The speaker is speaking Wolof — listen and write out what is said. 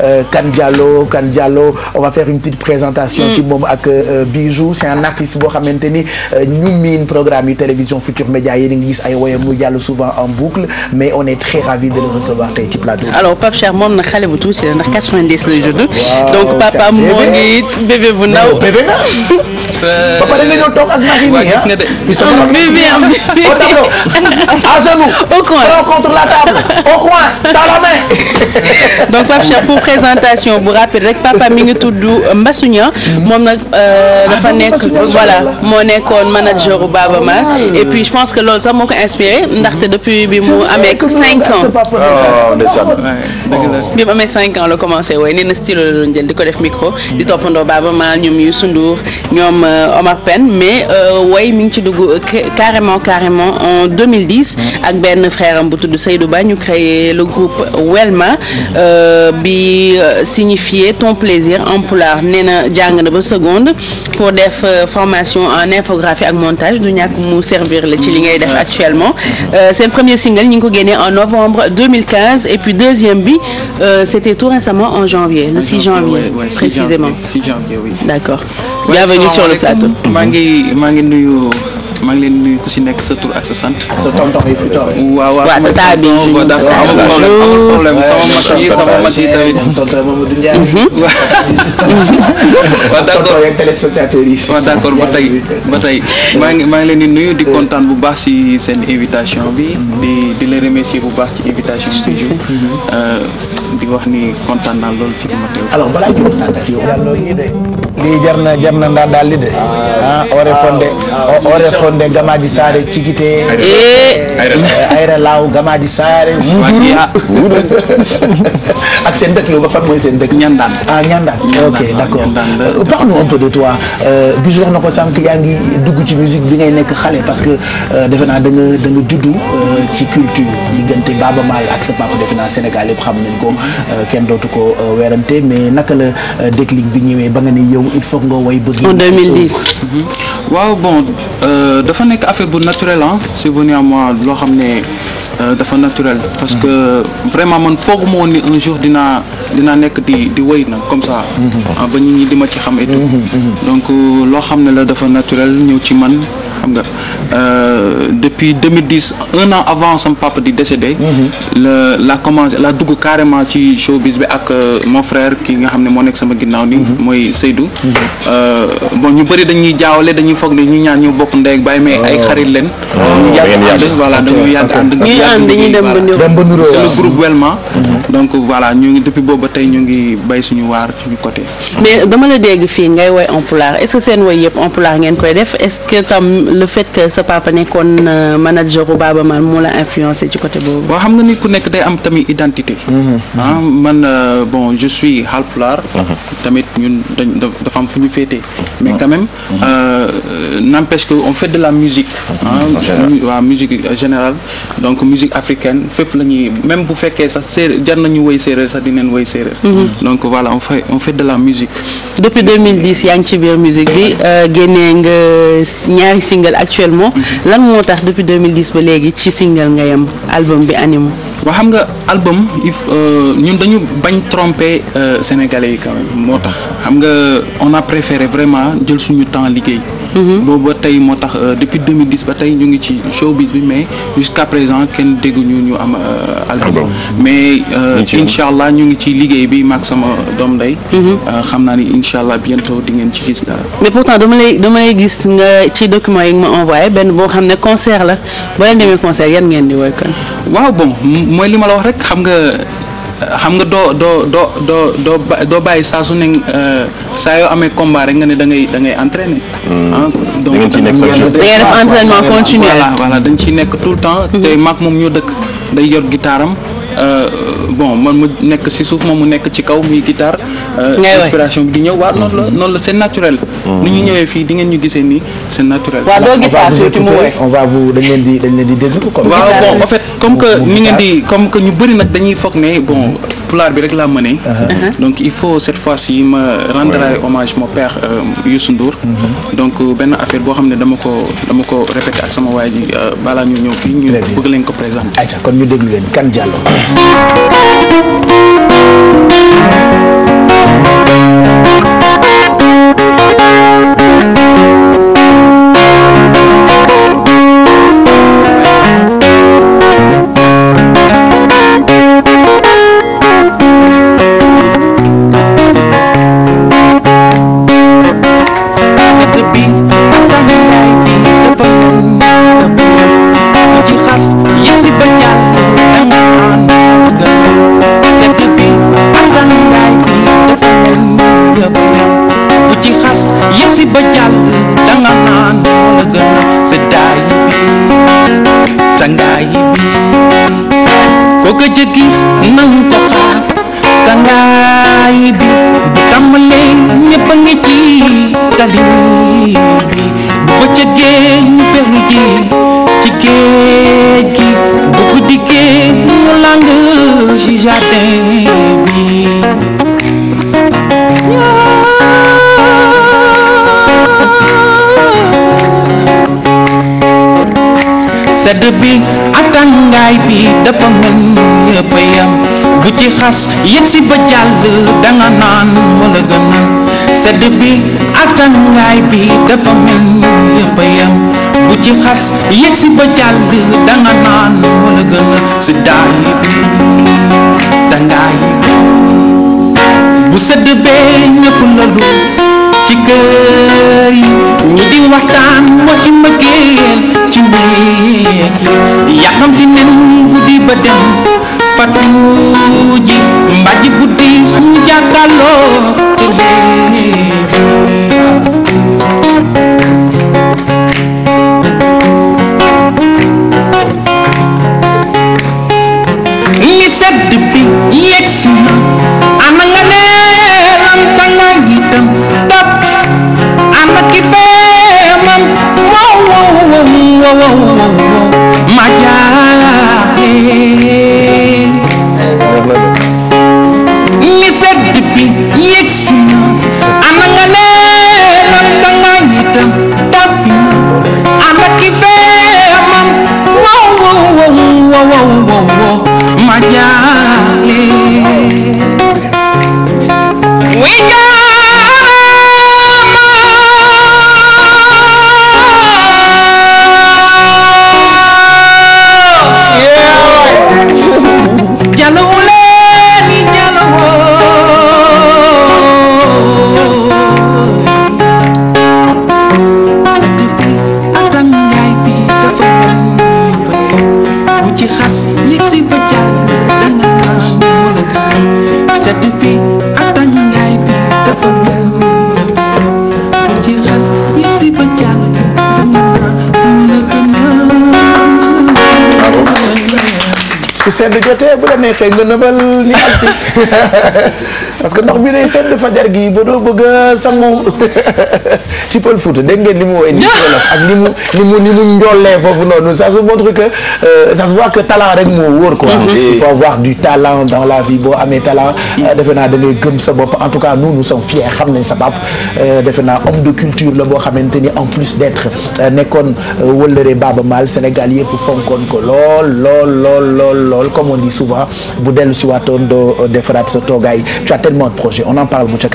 Euh, kan Diallo Kan Diallo on va faire une petite présentation mm. ci moom ak euh, Bijou c'est un artiste boo xamante ni euh, ñu miin programme yu télévision Futur Média yéen a ngi gis ay woyam mu jàll souvent en boucle mais on est très ravi de le recevoir tey ci plateau Pape Cheikh moom na xale bu tuuti la ndax donc papa moo ngi dans la main Cheikh pour présentation bu rapide rek papa mi ngi tudd Mbassouna moom nag euh, dafa ah, nekk voilà moo nekkoon manager bu Baaba Maal ah, et puis je pense que loolu sax moo ko inspiré ndaxte depuis bi mu amee cinq ans oh, bi mu amee cinq ans la commencé wooy nee na stylo la doon jël di ko def micro di toppandoo Baaba Maal ñoom Youssou Ndour ñoom euh, Omar Pène mais euh, wooy mi ngi ci dugg carrément carrément en 2010 ak benn frère am bu tudd Seydou Ba ñu créé le groupe Welma bi euh, signifier ton plaisir en pulaar nee na jàng na ba seconde pour def euh, formation en infographie ak montage du ñàkk mu servir la ci li ngay def mm-hmm. actuellement euh, seen premier single ñi ngi ko génnee en novembre 2015 et puis deuxième bi c'était tout récemment en janvier le 6 janvier précisément d'accord bienvenue sur le plateau maa ngi maa ngi nuyu maa ngi leen nuyu ku si nekk sa tur ak sa sant. sa tonton yi fi toog. waaw waaw sama tonton dafa am problème sama mag yi sama yi tamit. tonton Mamadou waaw d' accord ba tey ba tey maa ngi maa ngi leen di nuyu di kontaan bu baax si seen invitation bi. Mhm. di di la remercier bu baax ci invitation bi toujours. Mhm. Euh, di wax ni kontaan naa loolu ci li ma teew. alors balaa ñu kontaan ak yow. lii jar na jar na ndaa daal de ah, ore fonde ore fonde gamaaji saare cikite Kayra Laaw Gamadi Saare. Moudour ah. ak seen dëkk Louga fan mooy seen dëkk. Ah, euh, euh, na ko sànq yaa ci musique bi ngay nekk xale parce que euh, defe naa da nga da ci culture diggante Baaba Maal ak sa papa defe naa Sénégal yëpp xam nañ ko kenn dootu ko weerante mais naka la déclic bi ñëwee ba nga ne yow il faut nga way bëgg. en waaw bon dafa nekk affaire bu naturel ah c'est moi loo xam ne. Euh, dafa naturel parce que vraiment man foog ma woon ni un jour dinaa dinaa nekk di di wéy nag comme ça. Mhm. Ah, ba nit ñi di ma ci xam et tout mhm, mhm, donc euh, loo xam ne la dafa naturel ñëw ci man. xam nga euh, depuis 2010 un an avant sama papa di décédé. Mhm. la la commencé la dugg carrément ci showbiz bi ak euh, mon frère ki nga xam ne moo nekk sama ginnaaw ni mhm. mooy Seydou. Mhm. Euh, bon ñu bari dañuy jaawale dañuy foog ne ñu ñaar ñu bokk ndey ak baay mais ay oh. xarit leen. Oh, ñu yàgg ànd voilà dañoo yàgg ànd. ñuy ànd dañuy dem ba niroo c'est le groupe Welma. donc voilà ñu ngi depuis boobu ba tey ñu ngi bay suñu waar suñu côté. mais dama la dégg fii ngay woy en pulaar est-ce que seen woy yëpp en ngeen koy def est-ce le fait que sa papa nekkoon euh, manager bu Baaba Maal moo la influencé ci côté boobu. waaw xam nga ni ku nekk day am tamit identité. Mhm. ah man euh, bon suis Haalpulaar. Mhm. tamit ñun dafa am fu ñu féetee. mais quand même mhm. euh, que on fait de la musique. waaw musique générale donc musique africaine fépp la ñuy même bu fekkee sax séeréer jar nañu woy séeréer sax dinañ woy séeréer. donc voilà on fait de la musique. depuis 2010 yaa ngi ci biir musique bi génnee nga ñaari single actuellement lan moo tax depuis 2010 ba léegi ci single nga yem album bi animu waa xam nga album euh, ñun dañu bañ tromper euh, sénégalais yi quand moo tax xam nga on a préféré jël suñu temps liggéey Mm-hmm. boobu ba tey moo tax euh, depuis 2010 ba tey ñu ngi ci showbiz bi mais jusqu'à présent kenn dégguñu ñu am euh, album mais euh, incha allah ñu ngi ci liggéey bi maag sama doom day mm-hmm. xam naa ni incha allah bientôt di ngeen ci gis dara mais pourtant dama lay dama lay gis nga ci document yi nga ma envoyé benn boo xam ne concert la boo leen demee concert yan ngeen di woy kan waaw bon mooy li ma la wax rek xam nga xam nga doo doo doo doo doo doo bàyyi saa su ne euh, saa yoo amee combat rek nga ne da ngay da ngay entraîné. Hmm. Ah, da ngeen ciy nekk def entraînement continuel voilà voilà dañ ciy nekk tout le temps. Hmm. tey maak moom ñoo dëkk day yor gitaaram. Euh, bon man mu nekk si suuf ma mu nekk ci kaw muy guitare. Euh, inspiration bi di ñëw waaw noonu la noonu la c'est naturel. Hmm. ni ñu ñëwee fii di ngeen ñu gisee nii c'est naturel. waaw doo guitare tuuti mu woy on va vous dañ leen di dañ leen di déglu. comme waaw bon en comme que ni ngeen di comme que ñu bëri nag dañuy foog ne bon. pulaar bi rek laa mënee. Uh-huh. donc il faut cette fois-ci ma rendre hommage mon père euh, Youssou Ndour. Uh-huh. donc euh, benn affaire boo xam ne dama ko dama ko répété ak sama waay ji euh, ñu ñëw fii ñu bëgg leen ko présenter. ayca kon ñu déglu leen kan Diallo. ba jàll danga naan la gën a seddaay bi tàngaay bi ko gëj a gis ko xaar tàngaay bi bu tàmbalee ñëpp a ngi ci tali bi ak tàngaay bi dafa mel ni bu ci xas yëg si ba jàll danga naan moo la sedd bi ak bi dafa mel ni bu ci xas yëg si ba jàll danga naan moo la gën bi tàngaay bi bu sedd bee ñëpp la lu ci kër yi ñu di waxtaan moo ci mbëggeel ci néeg yi yàkkamti nen guddi ba dem fatu ji mbàjj guddi suñu jàkkaarloo te léegi Majaale li sedd bi yegg si na ana nga ne lan danga itam tàbbi na ana ki feemam wow wow wow wow wow wow Majaale bu sedd jotee bu la neexee nga nëbal ni am ci parce que ndox bi day sedd fajar gi ba doo bëgg a sangu ci Pël dégg ngeen li mu woowee. ak ni mu ni mu ni mu njoolee foofu noonu ça se euh, se voit que talent rek moo wóor quoi. Mm-hmm. il faut avoir du talent dans la vie boo amee talent. Euh, defe naa da ngay gëm sa bopp en tout cas nous nous sommes fiers xam nañ sa bopp euh, defe naa homme de culture la boo xamante ni en plus d' être nekkoon wëllëre Baaba Maal Sénégal yëpp fonkon ko lool lool lool lool lool comme on dit souvent bu dellu si waatoon doo defaraat sa toogaay. certainement de projets on en parle bu ca